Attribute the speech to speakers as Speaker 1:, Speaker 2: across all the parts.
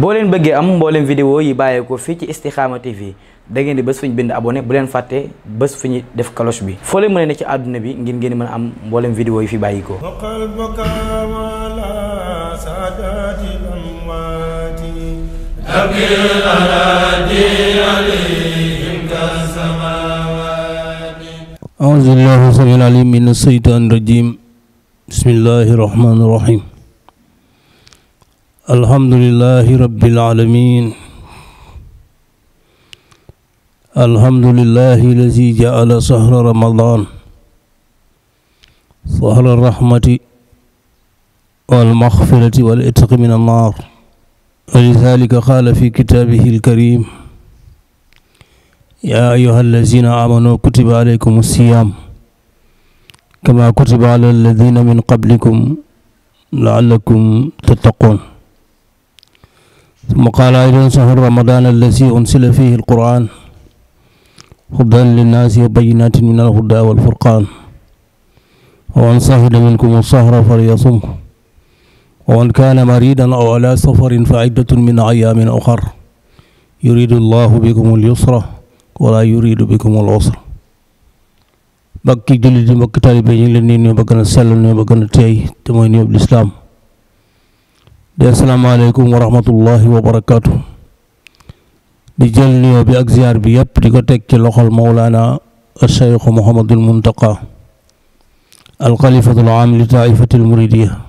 Speaker 1: boo leen bëggee am mbooleem vidéo yi bàyyeekoo fii ci Istikhama TV da ngeen di bés fu ñu bind abonné bu leen fàttee bés fu ñu def cloche bi foo leen mën a ne ci àdduna bi ngir ngeen mën a am mbooleem vidéo yi fi bàyyikoo aousubillah sabil alim min asheytan rajim bismillahi rahmani rahim الحمد لله رب العالمين الحمد لله الذي جعل شهر رمضان شهر الرحمة والمغفرة والإتق من النار ولذلك قال في كتابه الكريم يا أيها الذين آمنوا كتب عليكم الصيام كما كتب على الذين من قبلكم لعلكم تتقون ثم قال أيضا شهر رمضان الذي أنزل فيه القرآن هدى للناس وبينات من الهدى والفرقان ومن صهد منكم الصهر فليصمه ومن كان مريضا أو على سفر فعدة من أيام أخر يريد الله بكم اليسر ولا يريد بكم العسر mbokki jullit yi mbokki taalibe yi ñu ngi leen di nuyu ba gën a sell nuyu ba gën a teey te mooy nuyu lislaam di asalaamaaleykum wa rahmatullahi wa barakaatu di jël nuyoo bi ak ziar bi yëpp di ko teg ci loxol Mawlaana Cheikh Mouhamadul Muntaqa alxalifatul aam li taifatil muridiya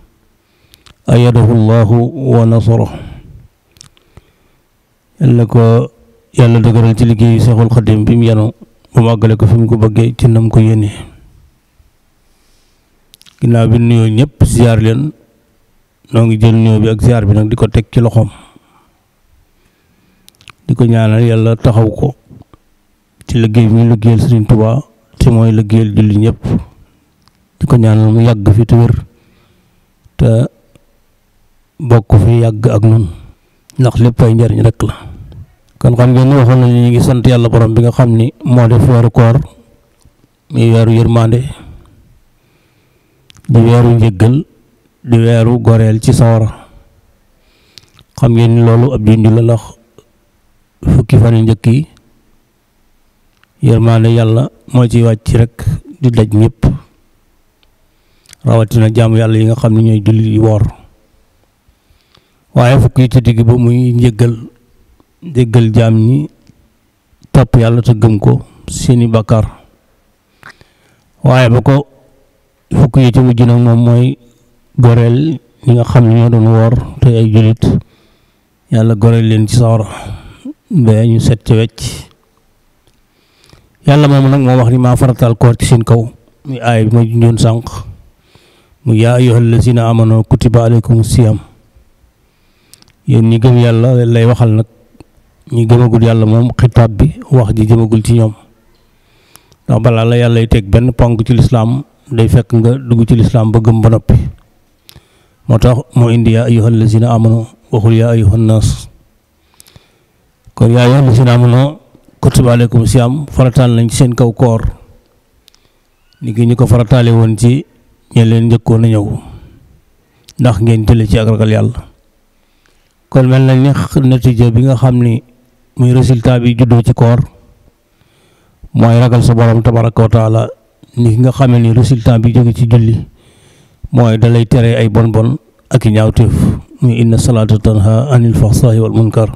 Speaker 1: ayadahu llahu wa nasara yàlla ko yàlla dëgëral ci liggéeyu Seexul Xadim bi mu yenu ba àggale ko fi mu ko bëggee ci nam ko yéene ginnaaw bi nuyoo ñëpp ziar leen noo ngi jël ñëw bi ak ziar bi nag di ko teg ci loxoom di ko ñaanal yàlla taxaw ko ci liggéey bi ñu liggéeyal Serigne Touba ci mooy liggéeyal julli ñëpp di ko ñaanal mu yàgg fi te wér te bokk fi yàgg ak nun ndax lépp ay njariñ rek la kon xam ngeen waxoon nañu ñu ngi sant yàlla borom bi nga xam ni moo def weeru koor muy weeru yërmande di weeru njëggal di weeru goreel ci sawara xam ngeen ni loolu ab junj la ndax fukki fan yu njëkk yi yërmaande yàlla moo ciy wàcc rek di daj ñëpp rawatina jaamu yàlla yi nga xam ni ñooy julli di woor waaye fukki ci digg ba muy njëggal njëggal jaam ni topp yàlla te gëm ko seeni bàkkaar waaye ba ko fukki yi ci mujj nag moom mooy goreel ñi nga xam ne ñoo doon woor te ay jullit yàlla goreel leen ci sawara ba ñu set ci wecc yàlla moom nag moo wax ni maa farataal koor ci seen kaw mu aay bi ma junjoon sànq mu yaa ayyuhal lazina amanu kutiba aleykum siyam yéen ñi gëm yàlla lay waxal nag ñi gëmagul yàlla moom xitaab bi wax ji jëmagul ci ñoom ndax balaa la yàlla y teg benn ponk ci lislaam day fekk nga dugg ci lislaam ba gëm ba noppi moo tax moo indi yaa ayyuhal lazina amanu waxul yaa ayyuhan naas kon yaa ayyuhal lazina amanu kutiba aleykum siyaam farataal nañ ci seen kaw koor ni ñu ko farataale woon ci ñe leen njëkkoon a ñëw ndax ngeen jële ci ak ragal yàlla kon mel na ni natija bi nga xam ni muy résultat bi juddoo ci koor mooy ragal sa borom tabaraka wa taala nga xamee ni résultat bi jóge ci julli mooy dalay tere ay bon bon ak i ñaawteef ñu inna salaata tanha anil faxsaayi wal munkar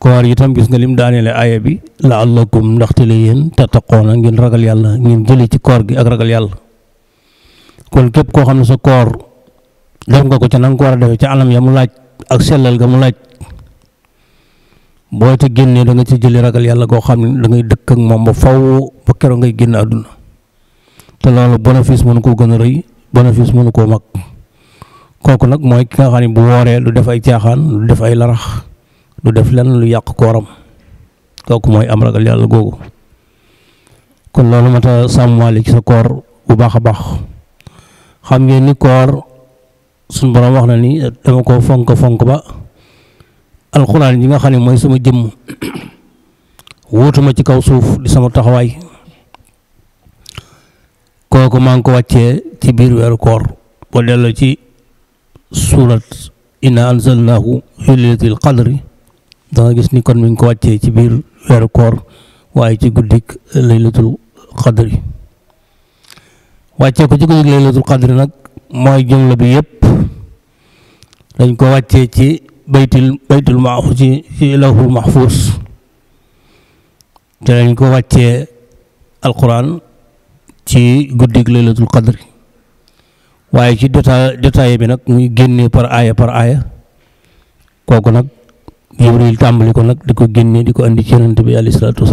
Speaker 1: koor itam gis nga lim daaneele aaya bi la allakum ndaxte la yéen tattaqoona ngeen ragal yàlla ngeen jële ci koor gi ak ragal yàlla kon képp koo xam ne sa koor def nga ko ca nanga ko war a defee ca anam ya mu laaj ak sellal ga mu laaj boo te génnee da nga ci jële ragal yàlla koo xam ne da ngay dëkk ak moom ba faw ba keroog ngay génn àdduna te loolu bénéfice mënu koo gën bénéfice mënu koo mag kooku nag mooy ki nga xam ne bu wooree lu def ay caaxaan lu def ay larax lu def lenn lu yàq kooram kooku mooy am ragal yàlla googu kon loolu mat a sàmmaale ci sa koor bu baax a baax xam ngeen ni koor suñ borom wax na ni dama ko fonk fonk ba alxuraan yi nga xam ne mooy suma jëmm wóotuma ci kaw suuf di sama taxawaay kooku maa ngi wàccee ci biir weeru koor boo delloo ci suurat inna anzalnaahu fi laylatil qadri da gis ni kon mi ko wàccee ci biir weeru koor waaye ci guddik laylatul qadri ci guddik laylatul qadri nag mooy jumla bi yëpp dañ ko wàccee ci baytul baytul mahfuus ci ci mahfuus te dañ ko wàccee alquran ci guddik laylatul qadri waaye ci détail bi nag muy génnee par aaya par aaya kooku nag Jibril tàmbali ko nag di ko génnee di ko indi ci yonent bi alayhi salaatu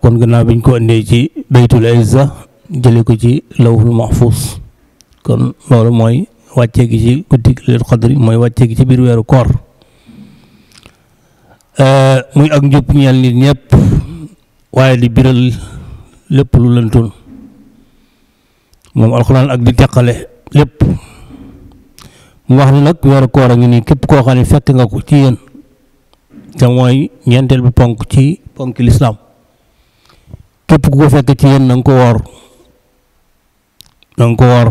Speaker 1: kon gannaaw biñ ko andee ci baytul izza jële ko ci lawhul mahfuus kon loolu mooy wàccee gi ci guddi lil xadri mooy wàccee gi ci biir weeru koor muy ak njub ñeel nit ñëpp waaye di biral lépp lu lëntoon moom alxuraan ak di teqale lépp mu wax ni nag weeru koor a ngi nii képp koo xam ne fekk nga ko ci yéen te mooy ñeenteel bi ponk ci ponk lislaam képp ku ko fekk ci yéen na nga ko woor na nga ko woor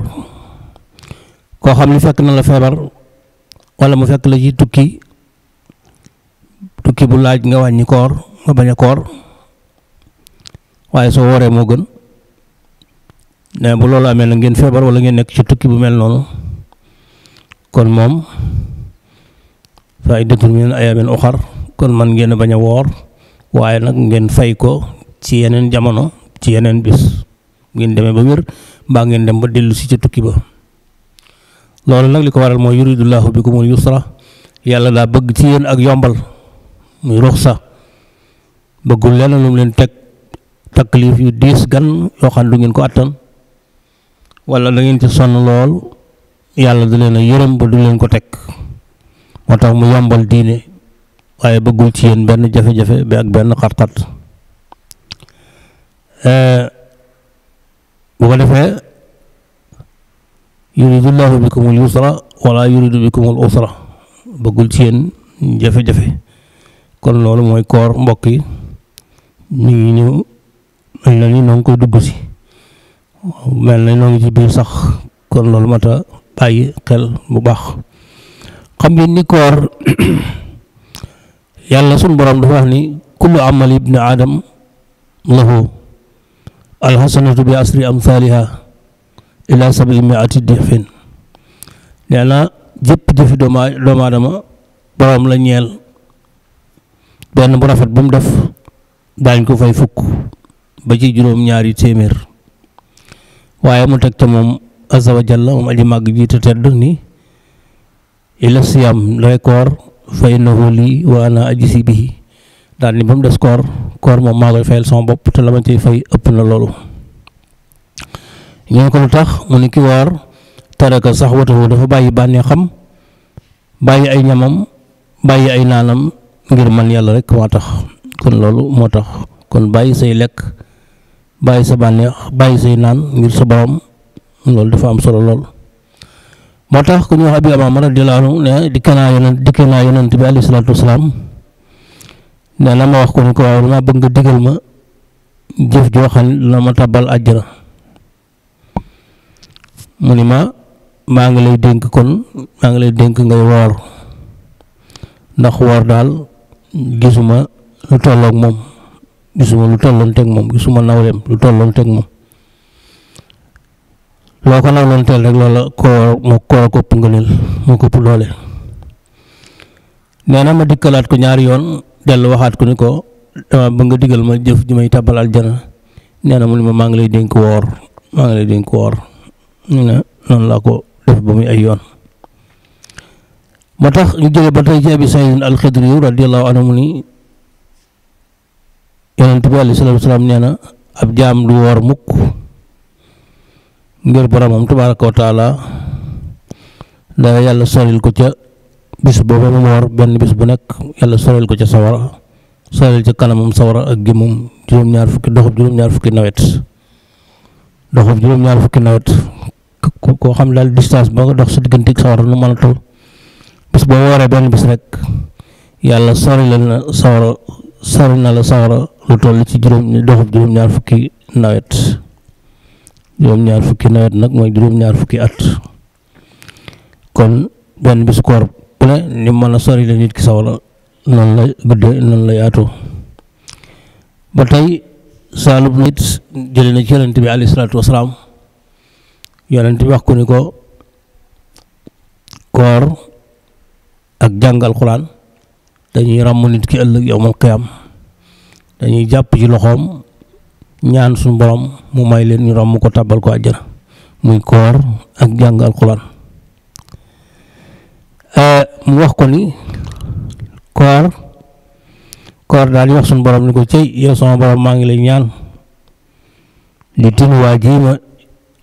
Speaker 1: koo xam ne fekk na la feebar wala mu fekk la ci tukki tukki bu laaj nga koor nga bañ a koor waaye soo wooree moo gën ne bu loolu amee na ngeen feebar wala ngeen nekk ci tukki bu mel noonu kon moom fa iddatun min ayaamin uxar kon man ngeen bañ a woor waaye nag ngeen fay ko ci yeneen jamono ci yeneen bis ngeen demee ba wér mbaa ngeen dem ba dellusi ci tukki ba loolu nag li ko waral mooy yuridullahu bikumul yusra yàlla daa bëgg ci yéen ak yombal muy ruxsa bëggul lenn lu mu leen teg taklif yu diis gan yoo xam du ngeen ko attan wala da ngeen ci sonn lool yàlla du leen a yërëm ba du leen ko teg moo tax mu yombal diine waaye bëggul ci benn jafe-jafe bi ak benn xat-xat eh, bu ko defee yuridu llahu bikumul yusra wala yuridu bikumul usra bëggul ci yéen jafe kon loolu mooy koor mbokk yi ñu ngi ñëw mel na ni ngi koy dugg si mel na ñoo ci biir sax kon loolu mat a bàyyi xel bu baax xam ngeen nikoor koor yàlla sunu borom dafa wax ni kullu amal ibni aadam lahu alxasanatu bi asri amthaliha ila sabi miati dixfin nee na jëpp jëfi doomu aadama borom la ñeel benn bu rafet bu mu def daañ ko fay fukk ba ci juróom ñaari téeméer waaye mu teg ca moom azza moom aji màgg ji te tedd ni ila siyam lay koor fa innahu lii wa ana ajzi bihi daal ni ba mu des koor koor moom maa koy fayal sama bopp te la ma ciy fay ëpp na loolu ñu ko lu tax mu ne ki woor taraka sax watahu dafa bàyyi bànneexam bàyyi ay ñamam bàyyi ay naanam ngir man yàlla rek moo tax kon loolu moo tax kon bàyyi say lekk bàyyi sa bànneex bàyyi say naan ngir sa borom loolu dafa am solo lool moo tax ku ñu wax abi amaama radiyallaahu anhu ne dikkee naa yonent dikkee naa yonent bi alayhi salaatu wasalaam nee ma wax ko ne ko waaw damaa bëgg nga digal ma jëf joo xam ne dina ma tàbbal àjjana mu ni ma maa ngi lay dénk kon maa ngi lay dénk ngay woor ndax woor daal gisuma lu tollook moom gisuma lu tolloonteeg moom gisuma nawleem lu tolloonteeg moom loo ko nawloonteel rek loola koo moo koo a kopp ngëneel moo kopp doole nee na ma dikkalaat ko ñaari yoon dellu waxaat ko ni ko dama ba nga digal ma jëf ji may tàbbal aljana nee na mu ne ma maa ngi lay dénk woor maa lay dénk woor ñu ne noonu laa ko def ba muy ay yoon moo tax ñu ba tey ci abi saydin alxidri radiyallahu anhu mu ni yonent bi alayhi salaatu wasalaam ab jaam du woor mukk ngir boromam tabaaraka wa yàlla soril ko ca bis booba mu woor benn bis bu nekk yàlla soril ko ca sawara soril ca kanamam sawara ak gémmum juróom-ñaar fukki nawet doxub juróom-ñaar fukki nawet koo xam daal distance ba nga dox sa diggante sawara nu mën a toll sawara soril na la sawara lu toll ci juróom ñaar fukki nawet juróom-ñaar fukki nawet nag mooy juróom-ñaar fukki at kon benn bisu koor bu ni mën a sori nit ki sawla noonu la guddee noonu la yaatoo ba tey saalub nit jëlee na ci yonent bi alayhi salaatu wasalaam yonent bi wax ko ni ko koor ak jàngal xuraan dañuy ràmm nit ki ëllëg yowmal qiyaam dañuy jàpp ci loxoom ñaan suñu borom mu may leen ñu romb ko tàbbal ko àjjana muy koor ak jàng alxuraan mu wax ko ni koor koor daal di suñ suñu ni ko cëy yow sama borom maa ngi lay ñaan li tin waa ji ma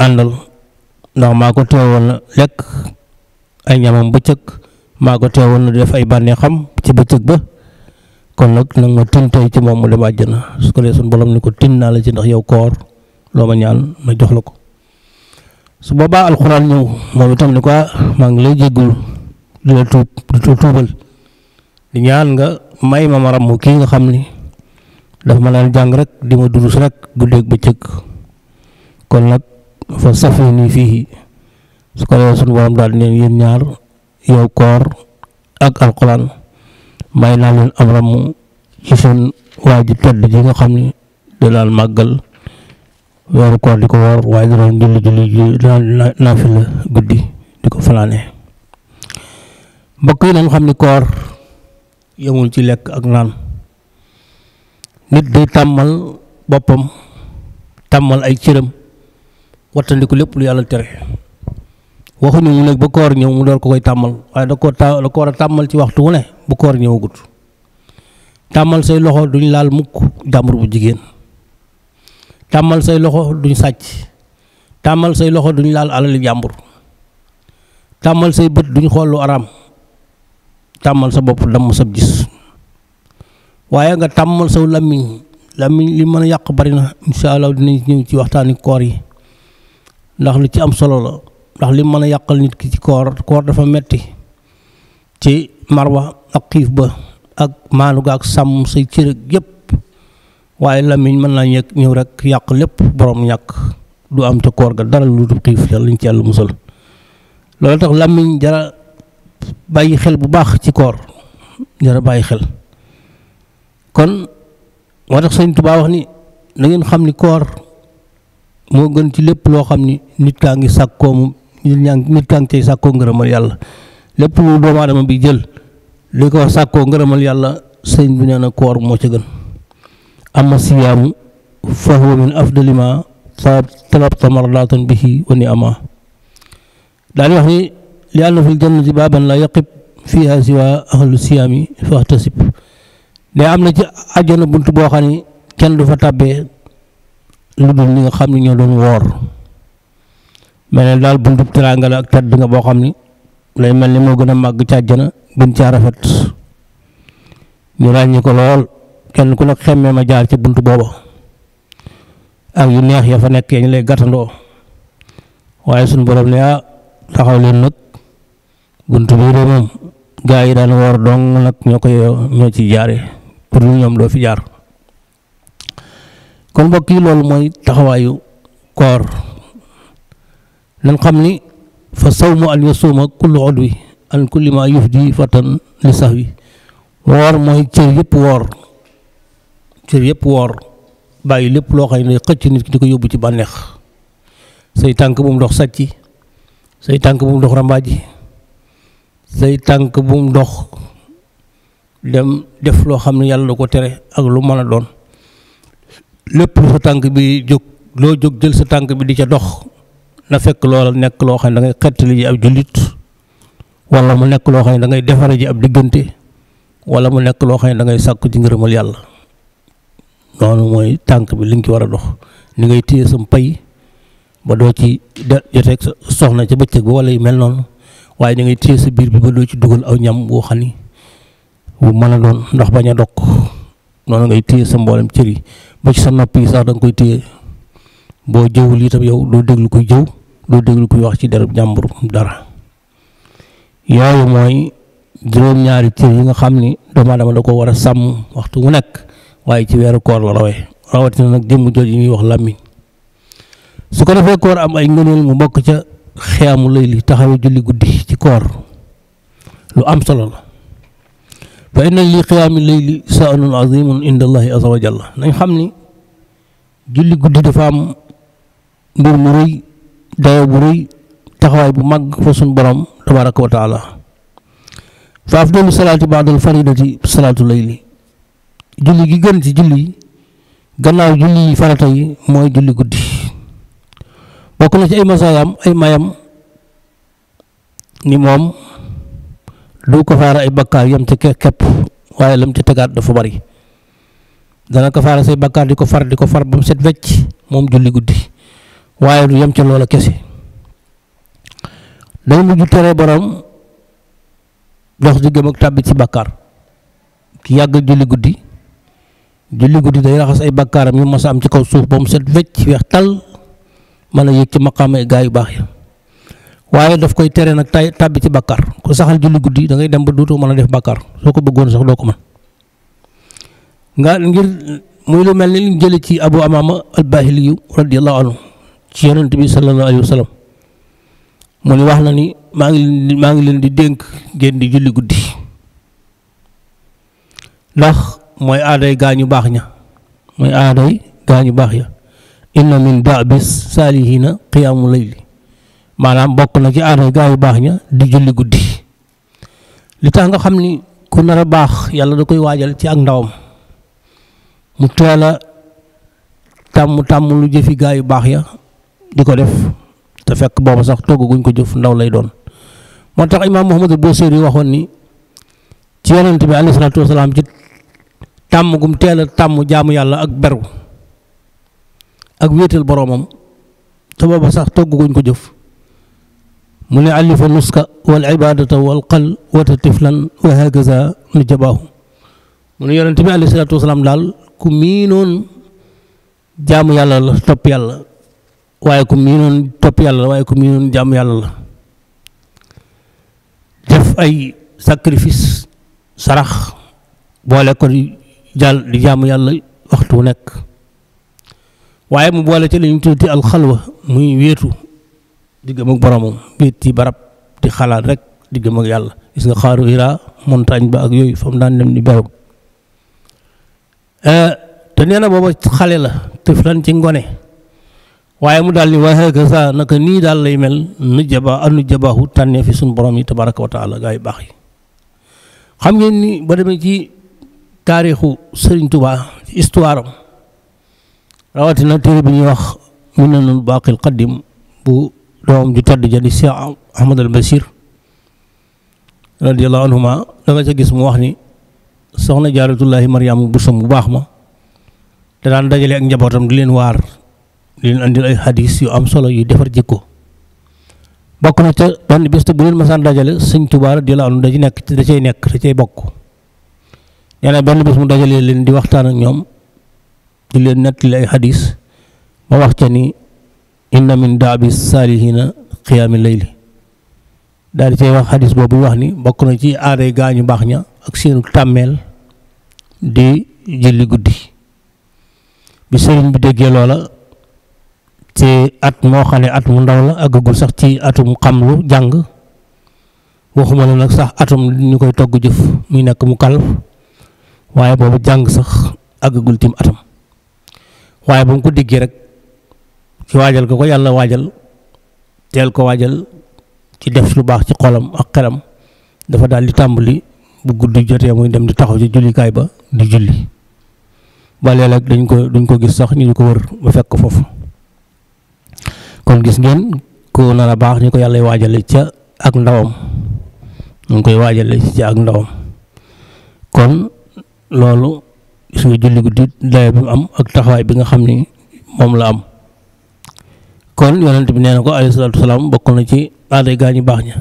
Speaker 1: àndal ndax maa ko teewoon na lekk ay ñamam bëccëg maa ko teewoon na def ay bànneexam ci bëccëg ba kon nag nag ma tin tey ci moom mu dem na su ko dee suñ borom ni ko tin naa la ci ndax yow koor loo ma ñaan ma jox la ko su boobaa alxuraan ñëw moom itam ni ko ah, maa ngi lay jéggul di tuub di tuubal di ñaan nga may ma ma ràmm kii nga xam ni daf ma daan jàng rek di ma durus rek ba bëccëg kon nag fa safi nii fii su ko dee suñ borom daal neen ñaar yow koor ak alxuraan may naa leen am ramm ci seen waa ji nga xam ne da màggal weeru koor di ko woor waaye da daan julli julli ji daan naafila guddi di ko fanaane mbokk yi nañ xam ni koor yemul ci lekk ak naan nit day tàmmal boppam tàmmal ay cëram wattandiku lépp lu yàlla tere waxuñu mu nag ba koor ñëw mu door ko koy tàmmal waaye da koo ta da ko war a tàmmal ci waxtu wu ne bu koor gudd tàmmal say loxo duñ laal mukk jàmbur bu jigéen tàmmal say loxo duñ sàcc tàmmal say loxo duñ laal alali jàmbur tàmmal say bët duñ xool lu araam tàmmal sa bopp damm sab gis waaye nga tàmmal saw làmmiñ làmmiñ li mën a yàq bari na incha allah dinañ ñëw ci waxtaani koor yi ndax lu ci am solo la ndax li mën a yàqal nit ki ci koor koor dafa metti ci marwa ak xiif ba ak maanu ga ak sàmm sa cër ak yépp waaye lamiñ mën naa ñëkk ñëw rek yàq lépp borom ñàkk du am ca koor ga dara lu dul xiif yàlla ñu musal loolu tax làmmiñ jara bàyyi xel bu baax ci koor jara bàyyi xel kon moo tax sëñ Tuubaa wax ni na xam ni koor moo gën ci lépp loo xam ni nit kaa ngi sàkkoo mu nit ñaa nit kaa ngi cay sàkkoo ngërëmal lépp doomu aadama bi jël li ko sàkkoo ngërëmal yàlla sëñ bi na koor moo ci gën amma siyaamu fa huwa min afdali ma fa talabta mardaatan bihi wa ni'ama daal wax ni li anna fil jannati baaban la yaqib fiha siwa ahlu siyaami fahtasib ne am na ci àjjana bunt boo xam ne kenn du fa tàbbee lu dul nga xam ne ñoo doon woor mel ne daal buntub teraanga la ak tedd nga boo xam ni lay mel ni moo gën a màgg ca àjjana gën caa rafet ñu ràññi ko lool kenn ku nekk xemmee ma jaar ci bunt booba ak yu neex ya fa nekk ñu lay gàttandoo waaye suñ borom ne ah taxaw leen nag bunt bii moom gaa yi daan woor dong nag ñoo ko ñoo ci jaare pour lu ñoom doo fi jaar kon mbokk yi loolu mooy taxawaayu koor nan xam ni fa sawmu an yasuuma kullu odwi an kulli ma yufdi fatan li sahwi woor mooy cër yëpp woor cër yëpp woor bàyyi lépp loo xam ne xëcc nit ki di ko yóbbu ci bànneex say tànk bu mu dox sàcci say tànk bu mu dox rambaaji say tànk bu mu dox dem def loo xam ne yàlla da ko tere ak lu mën a doon lépp lu sa tànk bi jóg loo jóg jël sa tànk bi di ca dox na fekk loola nekk loo xam ne da ngay xettali ji ab jullit wala mu nekk loo xam ne da ngay ji ab diggante wala mu nekk loo xam ne da ngay sàkku ci ngërëmal yàlla noonu mooy tànk bi li nga ci war a dox ni ngay téye sam pay ba doo ci sa soxna ca bëccëg ba wala yu mel noonu waaye ni ngay téye sa biir bi ba doo ci dugal aw ñam boo xam ni bu mën a doon ndox bañ a dokk noonu ngay téye sa mboolem cër ba ci sa noppi sax danga koy téye boo jëwul itam yow doo déglu koy jëw doo déglu kuy wax ci derub jàmbur dara yooyu mooy juróom-ñaari cër nga xam ni doomu aadama da ko war a sàmm waxtu wu waaye ci weeru koor la rawee rawatina nag démb jooj yi ñuy wax làmmiñ su ko defee koor am ay ngëneel mu bokk ca xiyaamu lay taxa taxawee julli guddi ci koor lu am solo la fa inna li xiyaami layli saanun azimun inda allahi azza wa nañ xam ni julli guddi dafa am mu rëy dayoo bu rëy taxawaay bu mag fa suñ borom tabaraka wa taala fa afdalu salaati baadal faridati salaatu layli julli gi gën ci julli gannaaw julli yi farata yi mooy julli guddi bokk na ci ay masaayam ay mayam ni moom du kafaara ay bakkaar yam ci kepp waaye lam ci tegaat dafa bari dana kafaara say bakkaar di ko far di ko far ba mu set wecc moom julli guddi waaye du yem ci loola kese day mujj tere borom dox di gëm ak tàbbi ci bakkar ki yàgg julli guddi julli guddi day raxas ay bàkkaaram yu masa am ci kaw suuf ba mu set wecc weex tal man a yëg ci maqaama ay gaa yu baax ya waaye daf koy tere nag tay tàbbi ci bàkkaar ku saxal julli guddi da ngay dem ba duutoo mën a def bàkkaar soo ko bëggoon sax doo ko mën nga ngir muy lu mel ni liñ ci abu amama albahiliyu radiyallahu anhu ci yonent bi sallallahu alayhi wa mu ni wax na ni maa ngi leen di ngi leen di dénk ngeen di julli guddi ndax mooy aaday gaañu baax ña mooy aaday gaañu baax ya inna min daabis saalihiina qiyaamu layli maanaam bokk na ci aaday gaañu baax ña di julli guddi li tax nga xam ni ku nar baax yàlla da koy waajal ci ak ndawam mu teel a tàmm tàmm lu jëfi gaayu baax ya di ko def te fekk booba sax togguñ ko jëf ndaw lay doon moo tax imaam Muhammadul Busiri waxoon ni ci yonent bi alayhi salaatu wasalaam ci tàmm gum teel a tàmm jaamu yàlla ak beru ak wéetal boroomam te booba sax togguñ ko jëf mu ne àllifa nuska wal ibadata wal qal wata tiflan wa hakaza nu jabaahu mu ne yonent bi alayhi salaatu wasalaam daal ku miinoon jaamu yàlla la topp yàlla waaye ku miinoon topp yàlla la waaye ku miinoon jàmm yàlla la def ay sacrifice sarax boole ko di jàll di jàmm yàlla waxtu nekk waaye mu boole ci li ñu tuddee alxalwa muy wéetu di gëm ak boromam ci barab di xalaat rek di gëm yàlla gis nga xaaru Hira montagne ba ak yooyu fa mu daan dem di beru eh, te nee na booba xale la tëflan ci ngone waaye mu daal ni wa hakaza naka nii daal lay mel nu jaba anu jabahu tànnee fi suñu borom yi tabaraka wa taala gaa yu baax xam ngeen ni ba demee ci taarixu Sëriñ Tuubaa ci histoire am rawatina téere bi ñuy wax Minanul Baaqil Qadiim bu doom ju tedd ja di Seex Ahmad al Basiir ca gis mu wax ni soxna jaaratullahi Maryaama bu som bu baax ma te daan dajale ak njabootam di leen waar li leen andil ay xadis yu am solo yu defar jikko bokk na ca benn bés te bu leen masaan dajale sëñ di radiyallaahu anhu da ci nekk da cay nekk da cay bokk nee na benn bés mu dajale leen di waxtaan ak ñoom di leen nettali ay xadis ba wax ca ni inna min daabi saalihiina qiyaami layli daal di cay wax xadis boobu wax ni bokk na ci aada gaañu baax ña ak seenu tàmmeel di julli guddi bi sëriñ bi déggee loola ci at moo xam ne at mu ndaw la àggagul sax ci atum xamlu jàng waxuma la nag sax atum ñu koy togg jëf muy nekk mu kal waaye boobu jàng sax àggagul tim atam waaye ba mu ko diggee rek ci waajal ko ko yàlla waajal teel ko waajal ci def lu baax ci xolam ak xelam dafa daal di tàmbali bu guddi jotee muy dem di taxaw ci jullikaay ba di julli ba léeg-léeg dañ ko duñ ko gis sax ñu ko wër ba fekk foofu kon gis ngeen ku nar baax ñu ko yàlla waajale ca ak ndawam ñu ngi koy waajale ca ak ndawam kon loolu gis nga julli guddi dayo bi mu am ak taxawaay bi nga xam ni moom la am kon yonent bi nee na ko alayhi salaatu salaam bokk na ci aaday gaa ñu baax ña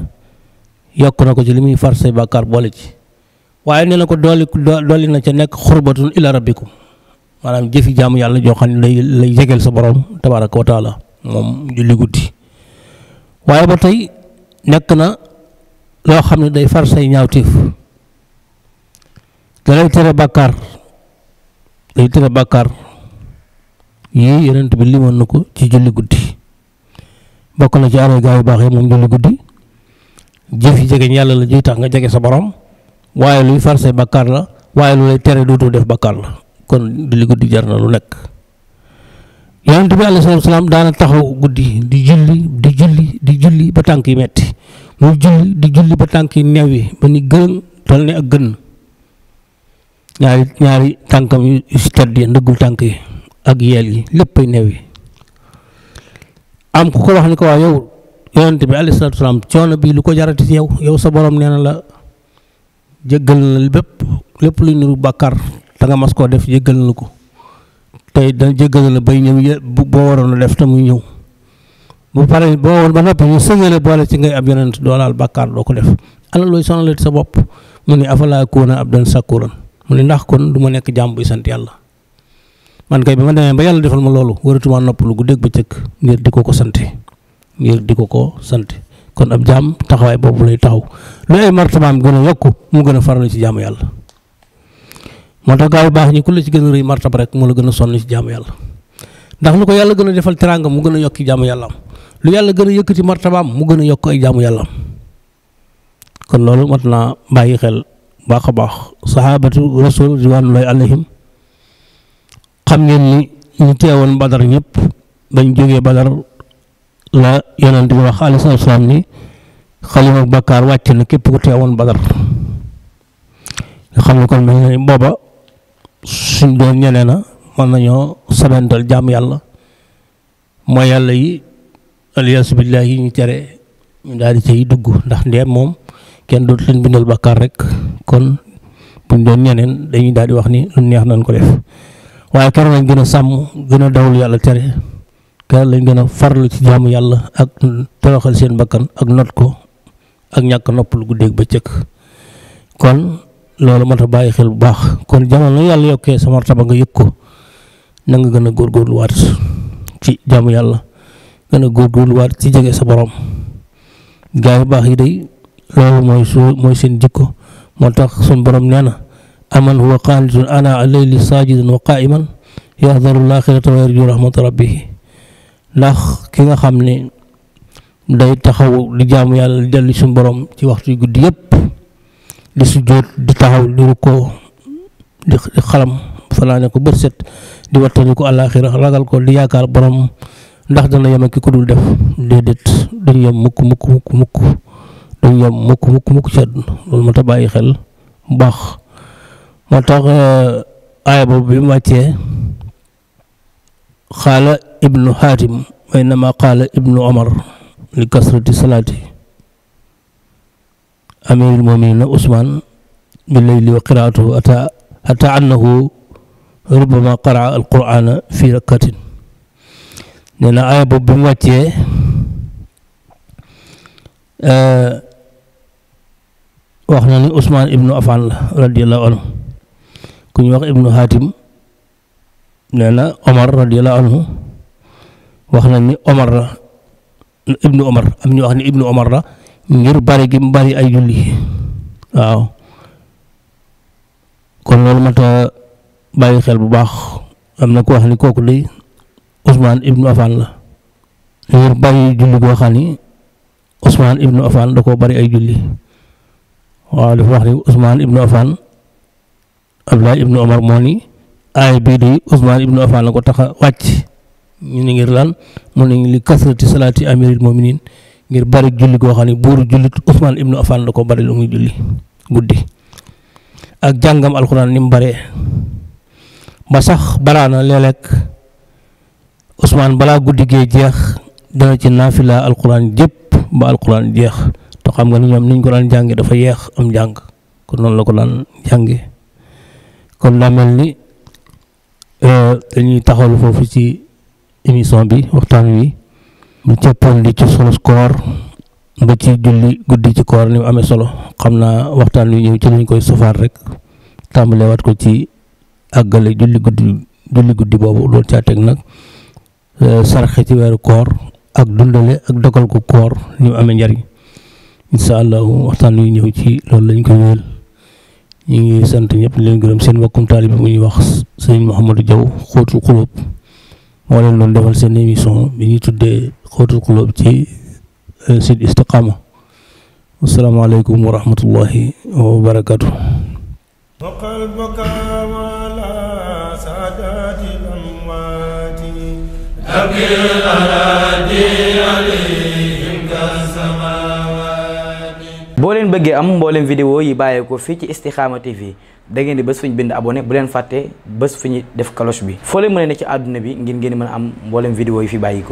Speaker 1: yokk na ko ci li muy far say bàkkaar boole ci waaye nee na ko dooli dooli na ca nekk xurbatun ila rabbikum maanaam jëfi jaamu yàlla joo xam ne lay lay yëgal sa borom tabaraka wa taala moom julli guddi waaye ba tey nekk na loo xam ne day far say ñaawteef dalay tere bàkkaar day tere bàkkaar yii yonent bi limoon na ko ci julli guddi bokk na ci alal gaa yu baax yi moom julli guddi jëf yi jegeñ yàlla la juy tax nga jege sa borom waaye luy far say bàkkaar la waaye lu lay tere dootoo def bàkkaar la kon julli guddi jar na lu nekk yonent bi alayhi salaam daana taxaw guddi di julli di julli di julli ba tànk yi metti mu julli di julli ba tànk yi new yi ba ni gërëm toll ne ak gën ñaari ñaari tànkam yu si tedd yi ndëggul tànk yi ak yeel yi léppay new yi am ku ko wax ni ko waa yow yonent bi alayhi salaatu salaam coono bi lu ko jarati ci yow yow sa borom nee na la jéggal na bépp lépp luy nuru bàkkaar te nga mas koo def jéggal na ko tey da jéggal la bay ñëw boo waroon a def te mu ñëw bu paree boo woon ba noppi ñu sëñale boole ci ngay ab yonent doolaal bàkkaar doo ko def ana looy sonalit sa bopp mu ne afalaa kuuna abdan sakuran mu ne ndax kon du ma nekk jaam buy sant yàlla man kay bi ma demee ba yàlla defal ma loolu waratuma nopp lu guddeeg bëccëg ngir di ko ko sant ngir di ko ko sant kon ab jaam taxawaay boobu lay taxaw lu ay martabaam gën a yokku mu gën a faral ci jaamu yàlla moo tax gaa yu baax ñi ku la ci gën a rëy martab rek moo la gën a sonn ci jaamu yàlla ndax lu ko yàlla gën a defal teraanga mu gën a yokki jaamu yàlla am lu yàlla gën a yëkkati martabaam mu gën a yokk ay jaamu yàlla kon loolu mat naa bàyyi xel baax a baax sahabatu rasul ridwanullahi alayhim xam ngeen ni ñu teewoon badar ñëpp bañ jógee badar la yonent bi wax alayhi salaatu salaam ni xalima bakkaar wàcc na képp ku teewoon badar nga xam ne kon booba suñ doom ñenee na mën nañoo sabantal jàmm yàlla moo yàlla yi aliyaasu billaahi yi ñu tere ñu daal di cay dugg ndax ndeem moom kenn dootu leen bindal bàkkaar rek kon buñ doon ñeneen dañuy daal di wax ni lu neex nañ ko def waaye keroog lañ gën a sàmm gën a dawlu yàlla tere keroog lañ gën a farlu ci jaamu yàlla ak toroxal seen bakkan ak not ko ak ñàkk nopp lu guddeeg bëccëg kon loolu mat bàyyi xel bu baax kon jamono yàlla yokkee sa martaba nga yëg ko na gën a góorgóorluwaat ci jaamu yàlla gën a góorgóorluwaat ci jege sa borom gaa yu baax yi day loolu mooy mooy seen jikko moo tax suñ borom nee na aman huwa qaanitun anaa layli saajidan wa qaa'iman yaxdaru laaxirata wa yarju rahmata rabbihi ndax ki nga xam ni day taxaw di jaamu yàlla di dellu suñ borom ci waxtu guddi yépp di sujjóot di taxaw di rukkoo di xalam fanaane ko bët set di wattani ko àllaaxira ragal ko di yaakaar borom ndax dana yem ki ko dul def déedéet dañu yem mukk mukk mukk mukk yem mukk mukk mukk ci àdduna loolu moo tax bàyyi xel bu baax moo tax eh, aaya boobu bi mu wàccee xaala ibnu xaatim way nama xaala ibnu omar li kasrati salaati amirul mu'minin Usmaan bi layli wa qiraatuhu ata ata annahu rubbama qaraa alqur'ana fi rakkatin nee na aaya boobu bi mu eh, wax na ni Usmaan ibnu Affaan la radiyallahu anhu ku ñu ibnu Hatim nee na Omar radiyallahu anhu wax na ni Omar la ibnu Omar am ñu wax ni ibnu Omar la ngir bari gi mu bari ay julli waaw kon loolu mat a bàyyi xel bu baax am na ko wax kooku de Ousmane Ibnu Affan la ngir bari julli goo xam Ibnu Affan da koo bari ay julli waaw dafa wax ni Ousmane Ibnu Affan Abdoulaye Omar moo ni aay bii de Ousmane Ibnu Affan la ko tax a wàcc ñu ni ngir lan mu ne li kasrati salaati amiril muminin ngir bari julli goo xam ne buuru jullit Ousmane Ibnu Affan la ko bari lu muy julli guddi ak jàngam alxuraan ni mu baree ba sax baraana léeg-léeg Ousmane balaa guddi gee jeex dana ci naafilaa alxuraan jëpp ba alxuraan jeex te xam nga ni ñoom niñ ko daan jànge dafa yeex am jàng kon noonu la ko daan jànge kon la mel ni eh, dañuy taxawlu foofu ci émission bi waxtaan wi mu cëppoon li ci solo koor ba ci julli guddi ci koor ni mu amee solo xam naa waxtaan wi ñëw ci lañ koy sofaat rek tàmbale waat ko ci àggale julli guddi julli guddi boobu loolu caa teg nag e, sarxe ci weeru koor ak dundale ak dogal ko koor ni mu amee njariñ incha allahu waxtaan wi ñëw ci loolu lañ koy wéyal ñu ngi sant ñëpp leen gërëm seen mbokkum taalib bi mu ñuy wax sëñ Mouhamadou Diaw xóotu xulóob moo leen loolu defal seen émission bi ñuy tuddee xóotul xulóob ci e, site istiqaama asalaamaaleykum wa rahmatullahi wa barakaatu boo leen bëggee am mbooleem vidéo yi bàyyeekoo fii ci Istikhama TV da ngeen di bés fu ñu bind abonné bu leen fàttee bés fu ñu def cloche bi foo leen mën ne ci àdduna bi ngir ngeen mën a am mbooleem vidéo yi fi bàyyikoo